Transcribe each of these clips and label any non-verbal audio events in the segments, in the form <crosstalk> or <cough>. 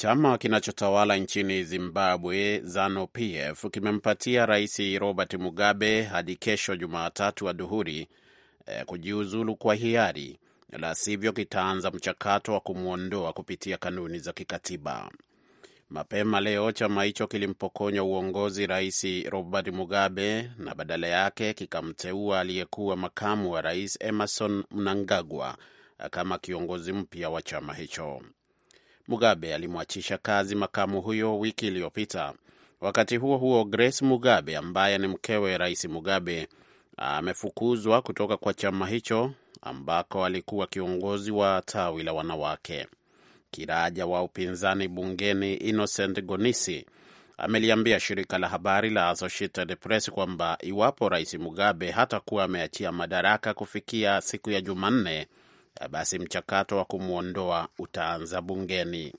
Chama kinachotawala nchini Zimbabwe ZANU-PF kimempatia Rais Robert Mugabe hadi kesho Jumatatu adhuhuri eh, kujiuzulu kwa hiari, la sivyo kitaanza mchakato wa kumwondoa kupitia kanuni za kikatiba. Mapema leo chama hicho kilimpokonya uongozi Rais Robert Mugabe na badala yake kikamteua aliyekuwa makamu wa rais Emerson Mnangagwa eh, kama kiongozi mpya wa chama hicho. Mugabe alimwachisha kazi makamu huyo wiki iliyopita. Wakati huo huo, Grace Mugabe ambaye ni mkewe Rais Mugabe amefukuzwa kutoka kwa chama hicho ambako alikuwa kiongozi wa tawi la wanawake. Kiraja wa upinzani bungeni Innocent Gonisi ameliambia shirika la habari la Associated Press kwamba iwapo Rais Mugabe hatakuwa ameachia madaraka kufikia siku ya Jumanne, basi mchakato wa kumwondoa utaanza bungeni.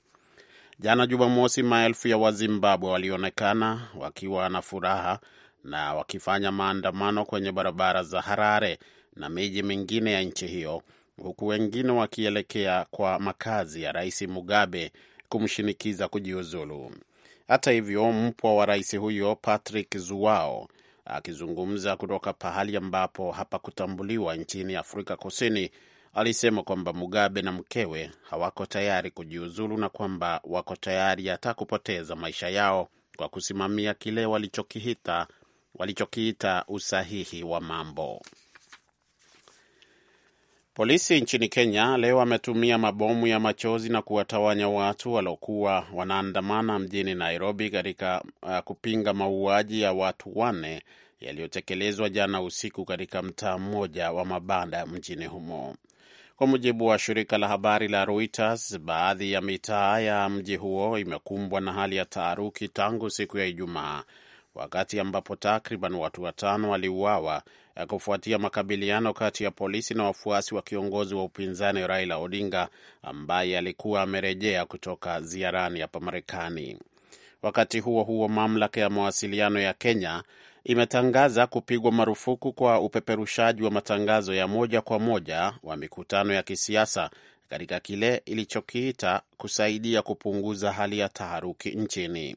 Jana Jumamosi, maelfu ya Wazimbabwe walionekana wakiwa na furaha na wakifanya maandamano kwenye barabara za Harare na miji mingine ya nchi hiyo, huku wengine wakielekea kwa makazi ya Rais Mugabe kumshinikiza kujiuzulu. Hata hivyo, mpwa wa rais huyo Patrick Zuao akizungumza kutoka pahali ambapo hapakutambuliwa nchini Afrika Kusini alisema kwamba Mugabe na mkewe hawako tayari kujiuzulu na kwamba wako tayari hata kupoteza maisha yao kwa kusimamia kile walichokiita walichokiita usahihi wa mambo. Polisi nchini Kenya leo ametumia mabomu ya machozi na kuwatawanya watu waliokuwa wanaandamana mjini Nairobi katika uh, kupinga mauaji ya watu wanne yaliyotekelezwa jana usiku katika mtaa mmoja wa mabanda mjini humo. Kwa mujibu wa shirika la habari la Reuters, baadhi ya mitaa ya mji huo imekumbwa na hali ya taharuki tangu siku ya Ijumaa, wakati ambapo takriban watu watano waliuawa kufuatia makabiliano kati ya polisi na wafuasi wa kiongozi wa upinzani Raila Odinga ambaye alikuwa amerejea kutoka ziarani hapa Marekani. Wakati huo huo, mamlaka ya mawasiliano ya Kenya imetangaza kupigwa marufuku kwa upeperushaji wa matangazo ya moja kwa moja wa mikutano ya kisiasa katika kile ilichokiita kusaidia kupunguza hali ya taharuki nchini.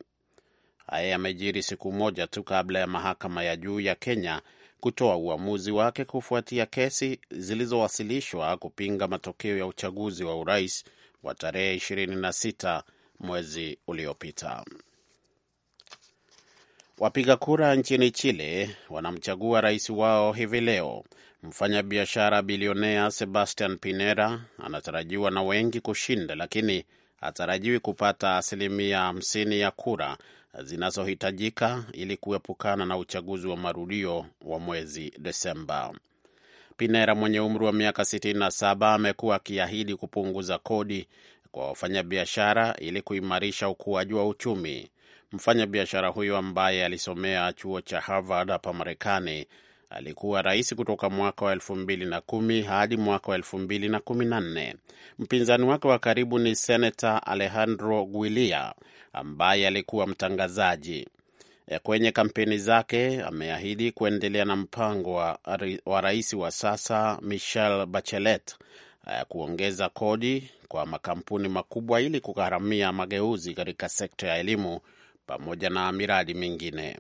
Haya yamejiri siku moja tu kabla ya mahakama ya juu ya Kenya kutoa uamuzi wake kufuatia kesi zilizowasilishwa kupinga matokeo ya uchaguzi wa urais wa tarehe 26 mwezi uliopita. Wapiga kura nchini Chile wanamchagua rais wao hivi leo. Mfanyabiashara bilionea Sebastian Pinera anatarajiwa na wengi kushinda, lakini hatarajiwi kupata asilimia 50 ya kura zinazohitajika ili kuepukana na uchaguzi wa marudio wa mwezi Desemba. Pinera mwenye umri wa miaka 67 amekuwa akiahidi kupunguza kodi kwa wafanyabiashara ili kuimarisha ukuaji wa uchumi. Mfanyabiashara huyo ambaye alisomea chuo cha Harvard hapa Marekani alikuwa rais kutoka mwaka wa elfu mbili na kumi hadi mwaka wa elfu mbili na kumi na nne. Mpinzani wake wa karibu ni senata Alejandro Guilia ambaye alikuwa mtangazaji. E, kwenye kampeni zake ameahidi kuendelea na mpango wa, wa rais wa sasa Michelle Bachelet e, kuongeza kodi kwa makampuni makubwa ili kugharamia mageuzi katika sekta ya elimu pamoja na miradi mingine.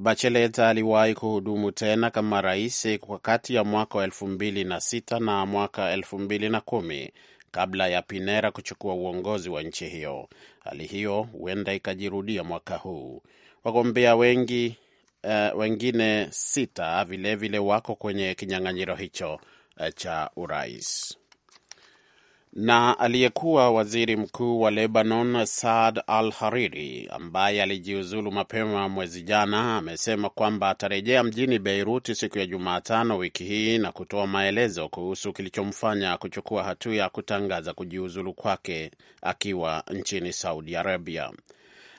Bachelet aliwahi kuhudumu tena kama rais kwa kati ya mwaka wa elfu mbili na sita na mwaka elfu mbili na kumi kabla ya Pinera kuchukua uongozi wa nchi hiyo. Hali hiyo huenda ikajirudia mwaka huu. Wagombea wengi uh, wengine sita vilevile vile wako kwenye kinyang'anyiro hicho eh, cha urais na aliyekuwa waziri mkuu wa Lebanon Saad Al Hariri ambaye alijiuzulu mapema mwezi jana amesema kwamba atarejea mjini Beiruti siku ya Jumatano wiki hii na kutoa maelezo kuhusu kilichomfanya kuchukua hatua ya kutangaza kujiuzulu kwake akiwa nchini Saudi Arabia.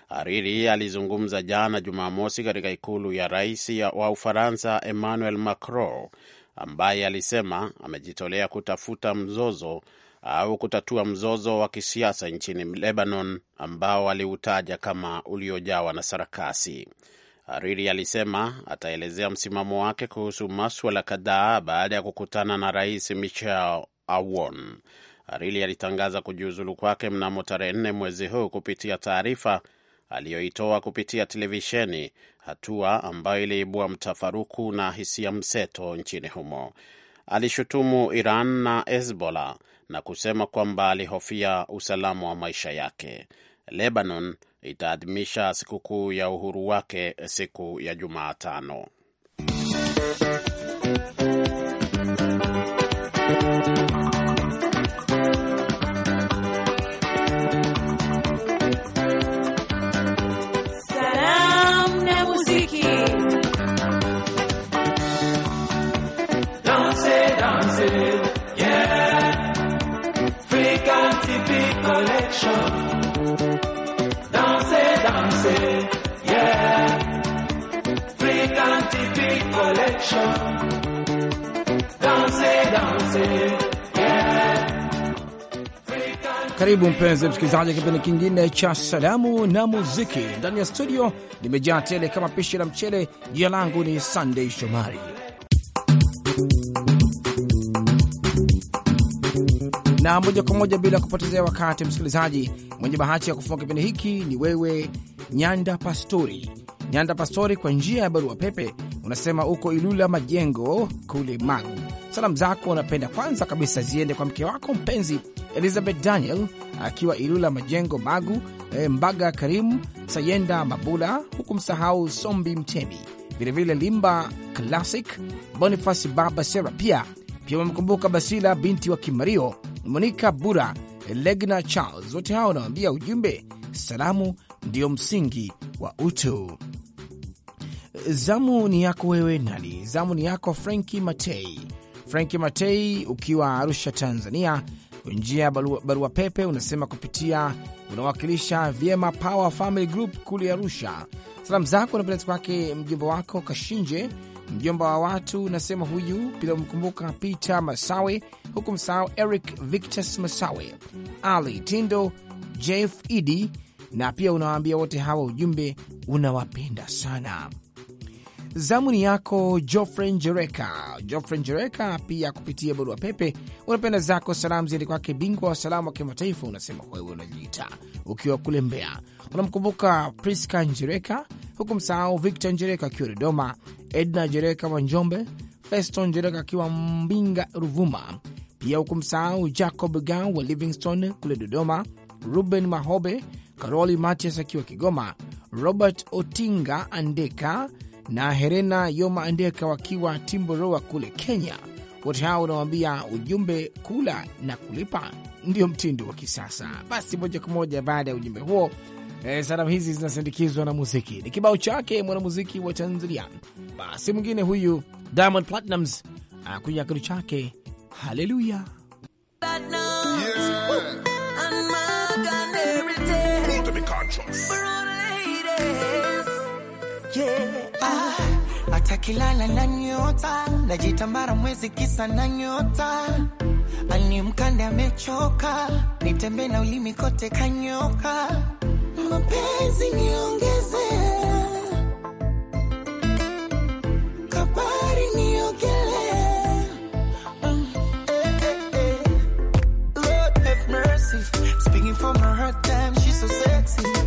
Hariri alizungumza jana Jumamosi katika ikulu ya rais wa Ufaransa Emmanuel Macron ambaye alisema amejitolea kutafuta mzozo au kutatua mzozo wa kisiasa nchini Lebanon ambao aliutaja kama uliojawa na sarakasi. Hariri alisema ataelezea msimamo wake kuhusu maswala kadhaa baada ya kukutana na Rais Michel Aoun. Hariri alitangaza kujiuzulu kwake mnamo tarehe nne mwezi huu kupitia taarifa aliyoitoa kupitia televisheni, hatua ambayo iliibua mtafaruku na hisia mseto nchini humo. Alishutumu Iran na Hezbollah na kusema kwamba alihofia usalama wa maisha yake. Lebanon itaadhimisha sikukuu ya uhuru wake siku ya Jumatano. Karibu mpenzi msikilizaji, kipindi kingine cha salamu na muziki ndani ya studio. Nimejaa tele kama pishi la mchele. Jina langu ni sandei Shomari na moja kwa moja bila kupotezea wakati, msikilizaji mwenye bahati ya kufunga kipindi hiki ni wewe Nyanda Pastori Nyanda Pastori kwa njia ya barua pepe. Unasema uko Ilula Majengo kule Magu. Salamu zako unapenda kwanza kabisa ziende kwa mke wako mpenzi Elizabeth Daniel akiwa Ilula Majengo Magu, eh, Mbaga Karimu Sayenda Mabula, huku msahau Sombi Mtemi, vilevile Limba Classic Bonifasi Baba Sera pia pia wamekumbuka Basila binti wa Kimario, Monika Bura, Legna Charles. Wote hao wanawambia ujumbe, salamu ndiyo msingi wa utu zamu ni yako wewe nani? Zamu ni yako Franki Matei. Franki Matei, ukiwa Arusha, Tanzania, njia ya barua, barua pepe unasema kupitia unawakilisha vyema Power Family Group kule Arusha. Salamu zako unapeleka kwake mjomba wako Kashinje, mjomba wa watu unasema huyu, pila kumkumbuka Peter Masawe, huku msahau Eric Victus Masawe, Ali Tindo, Jeff Idi, na pia unawaambia wote hawa ujumbe unawapenda sana. Zamuni yako Jofre Njereka. Jofre Njereka pia kupitia barua pepe unapenda zako salamu ziende kwake bingwa wa salamu wa kimataifa, unasema wewe unajiita ukiwa kule Mbeya. Unamkumbuka Priska Njereka, huku msahau Victor Njereka akiwa Dodoma, Edna Njereka wa Njombe, Festo Njereka akiwa Mbinga Ruvuma, pia huku msahau Jacob Gan wa Livingston kule Dodoma, Ruben Mahobe, Karoli Matias akiwa Kigoma, Robert Otinga Andeka na Herena Yoma Andeka wakiwa Timboroa kule Kenya. Wote hao unawambia ujumbe kula na kulipa ndio mtindo wa kisasa. Basi moja kwa moja baada ya ujumbe huo eh, salamu hizi zinasindikizwa na muziki, ni kibao chake mwanamuziki wa Tanzania. Basi mwingine huyu Diamond Platnumz akuja kitu chake haleluya. yeah. akilala na nyota, najitambara mwezi kisa na nyota, ani mkande amechoka, nitembe na ulimi kote kanyoka, mapenzi niongeze kabari niogelea, mm, eh, eh, eh, Lord have mercy, speaking from her hard time, she's so sexy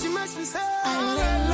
she makes me say.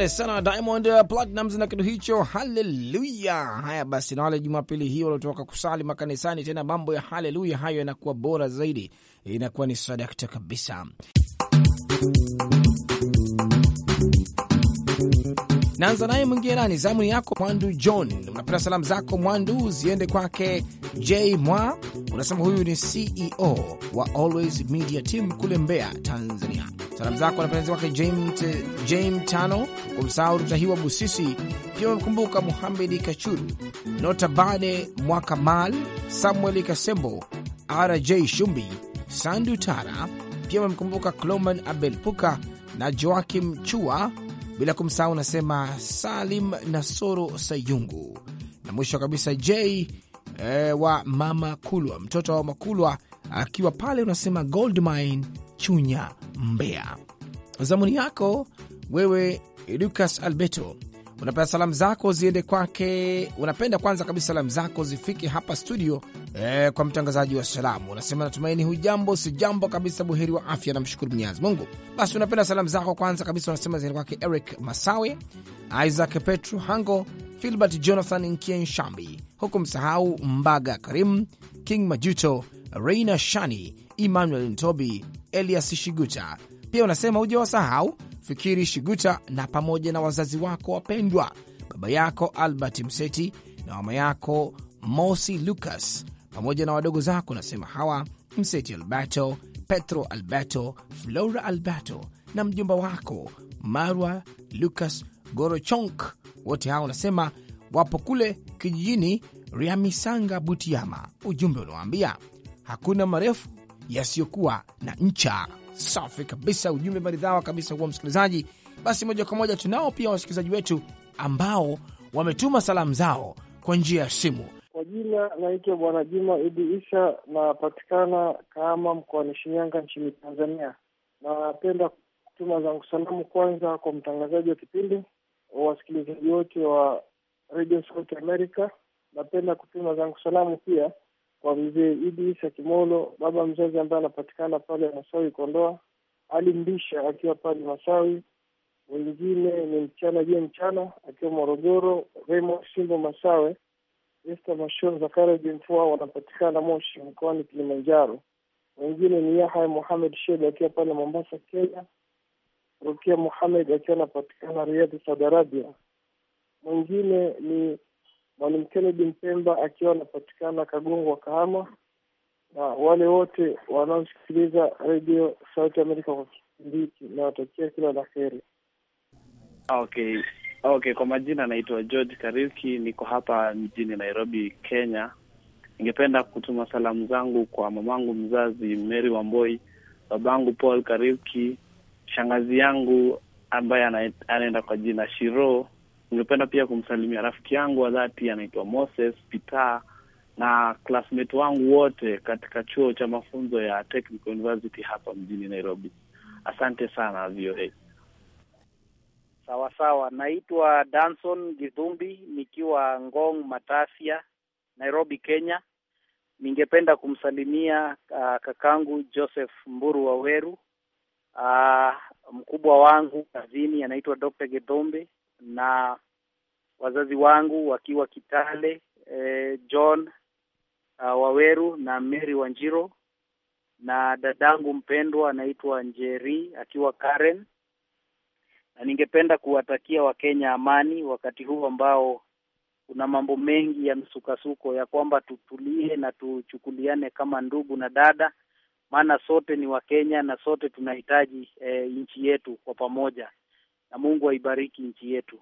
Asante sana Diamond uh, Platnumz na kitu hicho, haleluya. Haya basi, na wale Jumapili hii waliotoka kusali makanisani tena, mambo ya haleluya hayo yanakuwa bora zaidi, inakuwa ni sadakta kabisa. Naanza naye mwingie nani, zamuni yako Mwandu John. Unapenda salamu zako Mwandu ziende kwake J Mwa, unasema huyu ni CEO wa Always Media Team kule Mbeya, Tanzania. Salamu zako napendezi wake James Tano, kumsahau Rutahiwa Busisi, pia amekumbuka Muhamedi Kachuru, Nota Bane mal Samueli Kasembo, RJ Shumbi, Sandu Tara, pia amemkumbuka Cloman Abel Puka na Joakim Chua, bila kumsahau nasema Salim Nasoro Sayungu, na mwisho kabisa J eh, wa Mama Kulwa, mtoto wa Makulwa akiwa pale unasema Goldmine Chunya, Mbeya. Zamuni yako wewe Lucas Alberto, unapenda salamu zako ziende kwake. Unapenda kwanza kabisa salamu zako zifike hapa studio eh, kwa mtangazaji wa salamu. Unasema natumaini hujambo, si jambo kabisa, buheri wa afya, namshukuru Mwenyezi Mungu. Basi unapenda salamu zako kwanza kabisa unasema ziende kwake Eric Masawe, Isaac Petro Hango, Filbert Jonathan Nkien Shambi, huku msahau Mbaga Karim King Majuto, Reina Shani, Emmanuel Ntobi, Elias Shiguta. Pia unasema uja wasahau Fikiri Shiguta na pamoja na wazazi wako wapendwa, baba yako Albert Mseti na mama yako Mosi Lucas pamoja na wadogo zako, unasema hawa Mseti Alberto, Petro Alberto, Flora Alberto na mjomba wako Marwa Lucas Gorochonk. Wote hawa unasema wapo kule kijijini Riamisanga, Butiama. Ujumbe unawaambia hakuna marefu yasiyokuwa na ncha. Safi kabisa, ujumbe maridhawa kabisa huwa msikilizaji. Basi moja kwa moja tunao pia wasikilizaji wetu ambao wametuma salamu zao kwa njia ya simu. Kwa jina naitwa Bwana Juma Idi Isa, napatikana kama mkoani Shinyanga nchini Tanzania. Napenda kutuma zangu salamu kwanza kwa mtangazaji wa kipindi, wasikilizaji wote wa Radio Sauti America. Napenda kutuma zangu salamu pia kwa mzee Idi Isa Kimolo, baba mzazi ambaye anapatikana pale Masawi Kondoa, Ali Mbisha akiwa pale Masawi. Wengine ni Mchana Je Mchana akiwa Morogoro, Remo Simbo Masawe, Esta Mashon Zakaria Jemfua wanapatikana Moshi mkoani Kilimanjaro. Wengine ni Yahya Muhamed shed akiwa pale Mombasa, Kenya, Rukia Muhamed akiwa anapatikana Riadhi, Saudi Arabia. Mwingine ni Mwalimu Kennedy Mpemba akiwa anapatikana Kagongwa, Kahama, na wale wote wanaosikiliza redio Sauti Amerika kwa kipindi hiki, nawatakia kila la heri. Okay, okay. Kwa majina naitwa George Kariuki, niko hapa mjini Nairobi, Kenya. Ningependa kutuma salamu zangu kwa mamangu mzazi Mary Wamboi, babangu Paul Kariuki, shangazi yangu ambaye anaenda kwa jina Shiro Ningependa pia kumsalimia rafiki yangu wa dhati anaitwa Moses Pita na classmate wangu wote katika chuo cha mafunzo ya Technical University hapa mjini Nairobi. Asante sana VOA. Sawa sawa, naitwa Danson Githumbi nikiwa Ngong Matasia, Nairobi, Kenya. Ningependa kumsalimia uh, kakangu Joseph Mburu Waweru, uh, mkubwa wangu kazini anaitwa Dr. Githumbi na wazazi wangu wakiwa Kitale eh, John uh, Waweru na Mary Wanjiro na dadangu mpendwa anaitwa Njeri akiwa Karen, na ningependa kuwatakia Wakenya amani wakati huu ambao kuna mambo mengi ya msukasuko, ya kwamba tutulie na tuchukuliane kama ndugu na dada, maana sote ni Wakenya na sote tunahitaji eh, nchi yetu kwa pamoja na Mungu aibariki nchi yetu.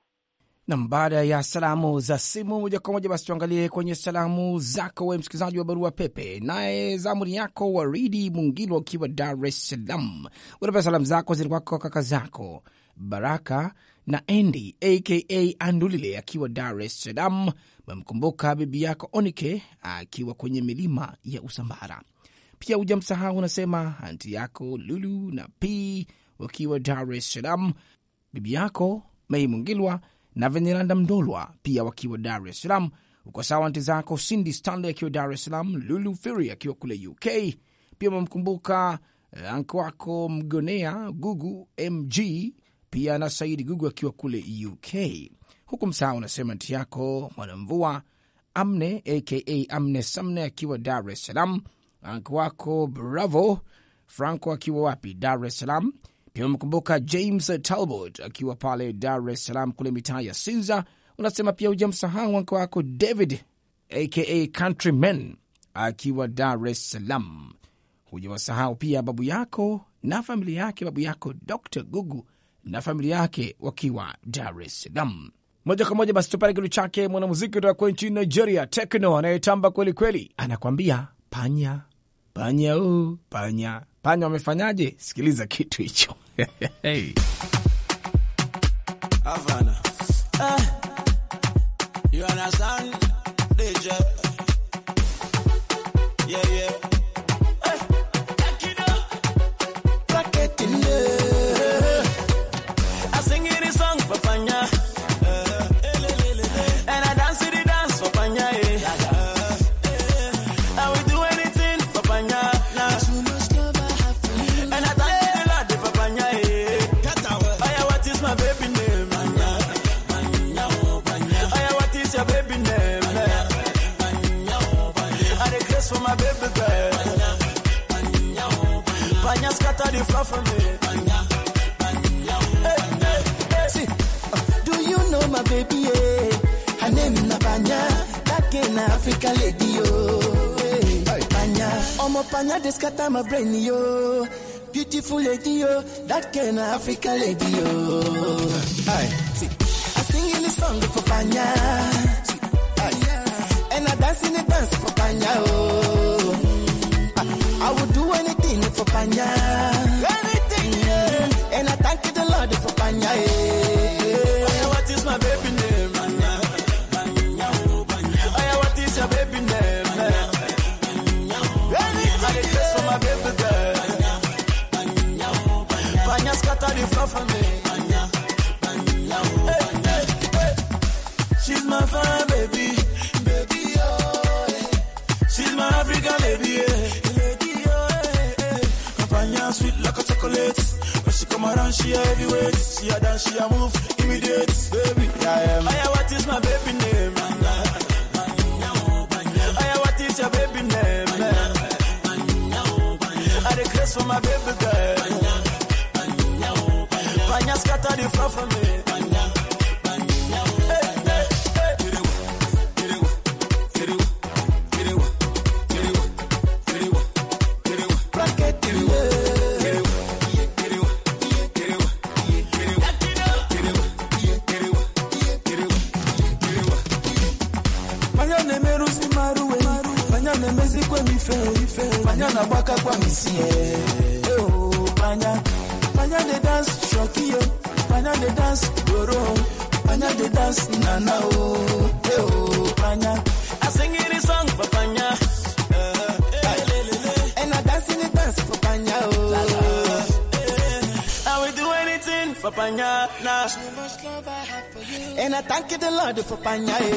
Nam, baada ya salamu za simu moja kwa moja basi tuangalie kwenye salamu zako we msikilizaji wa barua pepe. Naye zamuri yako Waridi Mungilwa ukiwa Dar es Salaam, unapea salamu zako zinikwako kaka zako Baraka na Endi aka Andulile akiwa Dar es Salaam. Memkumbuka bibi yako Onike akiwa kwenye milima ya Usambara, pia hujamsahau unasema anti yako Lulu na P wakiwa Dar es Salaam bibi yako Mei Mungilwa na Veneranda mdolwa pia wakiwa Dar es Salaam. Uko sawa anti zako Cindy Stanley akiwa Dar es Salaam, Lulu Ferry akiwa kule UK pia amemkumbuka eh, anko wako Mgonea Gugu MG pia na Saidi Gugu akiwa kule UK. Huku msaa unasema nti yako Mwanamvua Amne aka Amne Samne akiwa Dar es Salaam, anko wako Bravo Franco akiwa wapi Dar es Salaam, Nimemkumbuka James Talbot akiwa pale Dar es Salaam kule mitaa ya Sinza. Unasema pia hujamsahau wake wako David aka Countryman akiwa Dar es Salaam. Hujawasahau pia babu yako na familia yake, babu yako Dr Gugu na familia yake wakiwa Dar es Salaam. Moja kwa moja basi tupate kitu chake mwanamuziki kutoka kwe nchini Nigeria, Tekno anayetamba kweli kweli, anakwambia panya panya, u, oh, panya panya, wamefanyaje? Sikiliza kitu hicho. <laughs> hey. Havana. Uh, you understand? DJ. Yeah, yeah. in Africa lady, oh. Hi. See, I sing in the song for Panya. See, aye. And I dance in the dance for Panya, oh. I, I would do anything for Panya. mad eh, eh. for panya. Abi.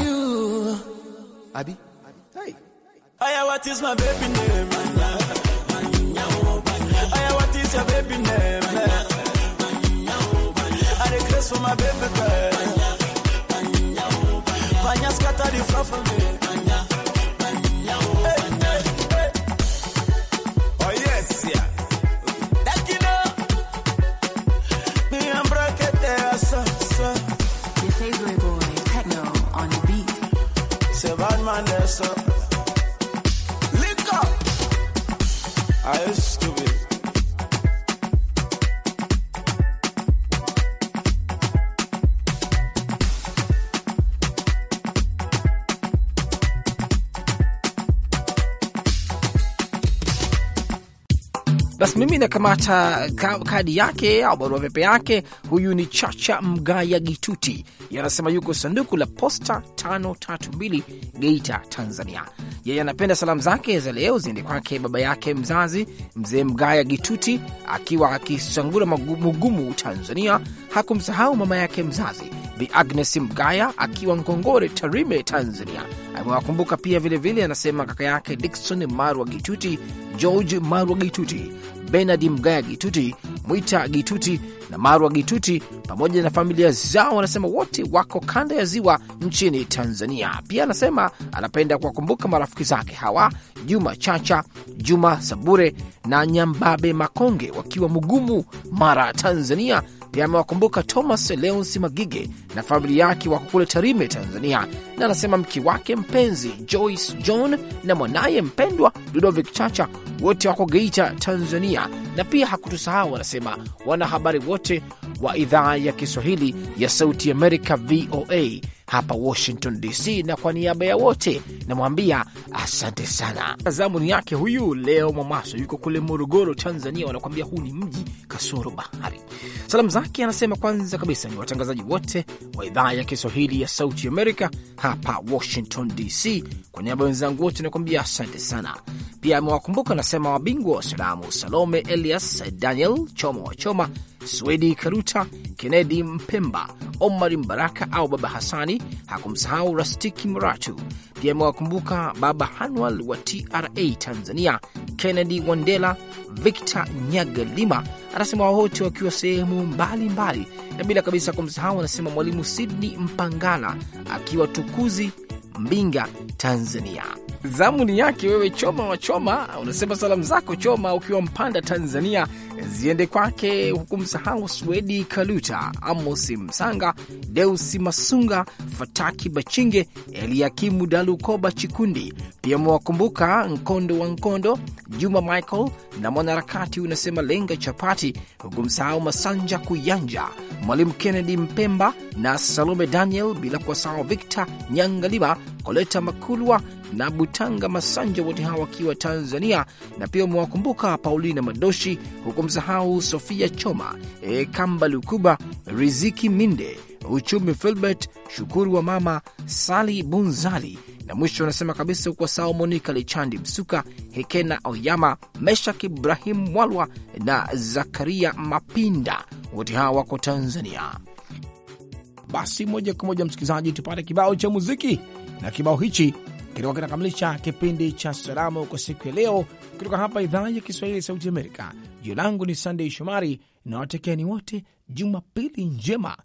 eh. Abby? Hey. Aya, what is my baby name? Basi mimi nakamata kadi yake au barua pepe yake. Huyu ni Chacha Mgaya Gituti, yanasema yuko sanduku la posta 532 Geita, Tanzania. Yeye anapenda salamu zake za leo ziende kwake baba yake mzazi mzee Mgaya Gituti akiwa akisangura mugumu Tanzania, hakumsahau mama yake mzazi Bi Agnes Mgaya akiwa Ngongore, Tarime, Tanzania. Amewakumbuka pia vilevile anasema kaka yake dikson Marwa Gituti, George Marwa Gituti, Benard Mgaya Gituti, Mwita Gituti na Marwa Gituti pamoja na familia zao, wanasema wote wako kanda ya ziwa nchini Tanzania. Pia anasema anapenda kuwakumbuka marafiki zake hawa Juma Chacha, Juma Sabure na Nyambabe Makonge wakiwa Mugumu, Mara, Tanzania pia amewakumbuka Thomas Leonsi Magige na familia yake wako kule Tarime, Tanzania, na anasema mke wake mpenzi Joyce John na mwanaye mpendwa Ludovic Chacha wote wako Geita, Tanzania, na pia hakutusahau, anasema wanahabari wote wa idhaa ya Kiswahili ya Sauti Amerika, VOA hapa Washington DC, na kwa niaba ya wote namwambia asante sana. Zamuni yake huyu leo Mwamaso yuko kule Morogoro, Tanzania, wanakuambia huu ni mji kasoro bahari. Salamu zake anasema kwanza kabisa ni watangazaji wote wa idhaa ya Kiswahili ya Sauti Amerika hapa Washington DC. Kwa niaba ya wenzangu wote nakuambia asante sana. Pia amewakumbuka anasema wabingwa wa salamu Salome Elias, Daniel Choma wa Choma Swedi Karuta, Kennedi Mpemba, Omari Mbaraka au Baba Hasani. Hakumsahau Rastiki Muratu. Pia amewakumbuka Baba Hanwal wa TRA Tanzania, kennedi Wandela, Victor Nyagalima. Anasema wote wakiwa sehemu mbalimbali, na bila kabisa kumsahau, anasema Mwalimu Sidney Mpangala akiwa Tukuzi, Mbinga, Tanzania. Zamu ni yake wewe, Choma wa Choma, unasema salamu zako Choma ukiwa Mpanda, Tanzania ziende kwake huku msahau Swedi Kaluta, Amosi Msanga, Deusi Masunga, Fataki Bachinge, Eliakimu Dalukoba Chikundi. Pia mwakumbuka Nkondo wa Nkondo, Juma Michael na mwanaharakati unasema Lenga Chapati, huku msahau Masanja Kuyanja, Mwalimu Kennedy Mpemba na Salome Daniel, bila kuwasahau Victor Nyangalima, Koleta Makulwa na Butanga Masanja, wote hawa wakiwa Tanzania, na pia umewakumbuka Paulina Madoshi, huku msahau Sofia Choma, e, Kamba Lukuba, Riziki Minde, Uchumi Filbert Shukuru wa mama Sali Bunzali, na mwisho anasema kabisa huko sao Monika Lichandi Msuka, Hekena Oyama, Meshak Ibrahim Mwalwa na Zakaria Mapinda, wote hawa wako Tanzania. Basi moja kwa moja, msikilizaji, tupate kibao cha muziki na kibao hichi kitakuwa kinakamilisha kipindi cha salamu kwa siku ya leo kutoka hapa idhaa ya Kiswahili ya Sauti Amerika. Jina langu ni Sandey Shomari na wote Jumapili njema.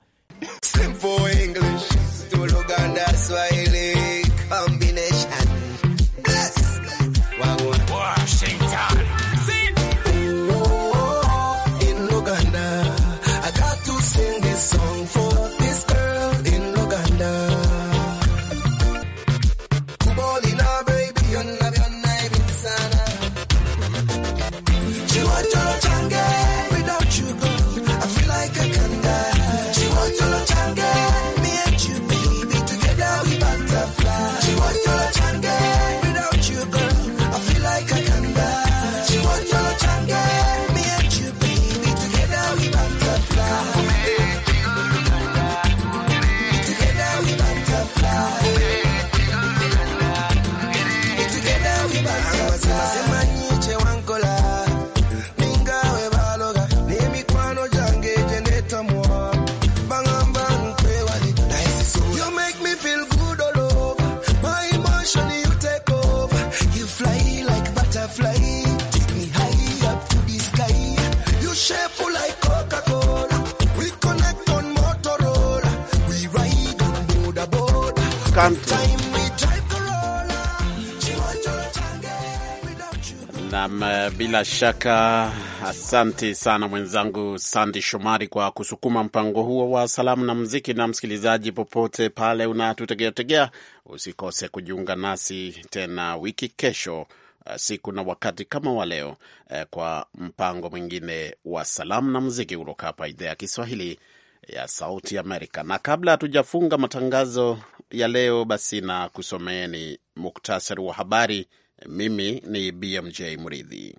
Um, bila shaka asante sana mwenzangu Sandi Shomari kwa kusukuma mpango huo wa salamu na muziki. Na msikilizaji, popote pale unatutegeategea, usikose kujiunga nasi tena wiki kesho, eh, siku na wakati kama wa leo, eh, kwa mpango mwingine wa salamu na muziki kutoka hapa idhaa ya Kiswahili ya Sauti Amerika. Na kabla hatujafunga matangazo ya leo, basi na kusomeeni muktasari wa habari mimi ni BMJ Mridhi.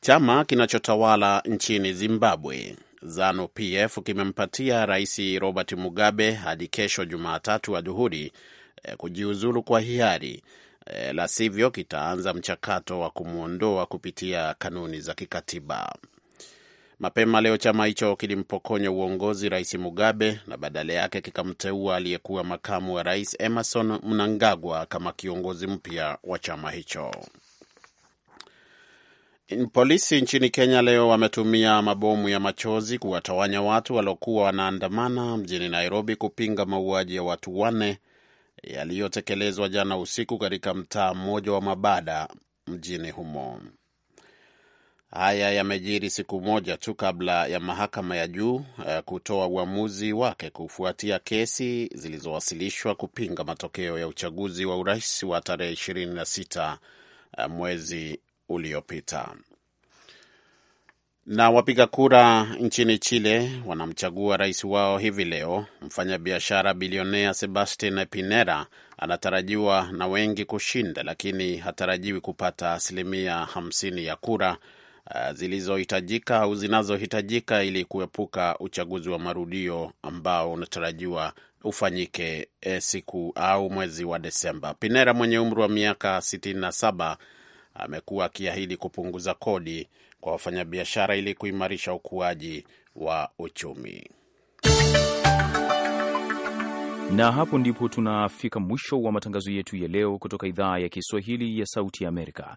Chama kinachotawala nchini Zimbabwe Zanu PF kimempatia Rais Robert Mugabe hadi kesho Jumatatu adhuhuri eh, kujiuzulu kwa hiari eh, la sivyo kitaanza mchakato wa kumwondoa kupitia kanuni za kikatiba. Mapema leo chama hicho kilimpokonya uongozi Rais Mugabe na badala yake kikamteua aliyekuwa makamu wa rais Emerson Mnangagwa kama kiongozi mpya wa chama hicho. Polisi nchini Kenya leo wametumia mabomu ya machozi kuwatawanya watu waliokuwa wanaandamana mjini Nairobi kupinga mauaji ya watu wanne yaliyotekelezwa jana usiku katika mtaa mmoja wa Mabada mjini humo. Haya yamejiri siku moja tu kabla ya mahakama ya juu eh, kutoa uamuzi wake kufuatia kesi zilizowasilishwa kupinga matokeo ya uchaguzi wa urais wa tarehe 26 eh, mwezi uliopita. Na wapiga kura nchini Chile wanamchagua rais wao hivi leo. Mfanyabiashara bilionea Sebastian Pinera anatarajiwa na wengi kushinda, lakini hatarajiwi kupata asilimia 50 ya kura Eh, zilizohitajika au zinazohitajika ili kuepuka uchaguzi wa marudio ambao unatarajiwa ufanyike e, siku au mwezi wa Desemba. Pinera mwenye umri wa miaka 67 amekuwa akiahidi kupunguza kodi kwa wafanyabiashara ili kuimarisha ukuaji wa uchumi. Na hapo ndipo tunafika mwisho wa matangazo yetu ya leo kutoka idhaa ya Kiswahili ya Sauti ya Amerika.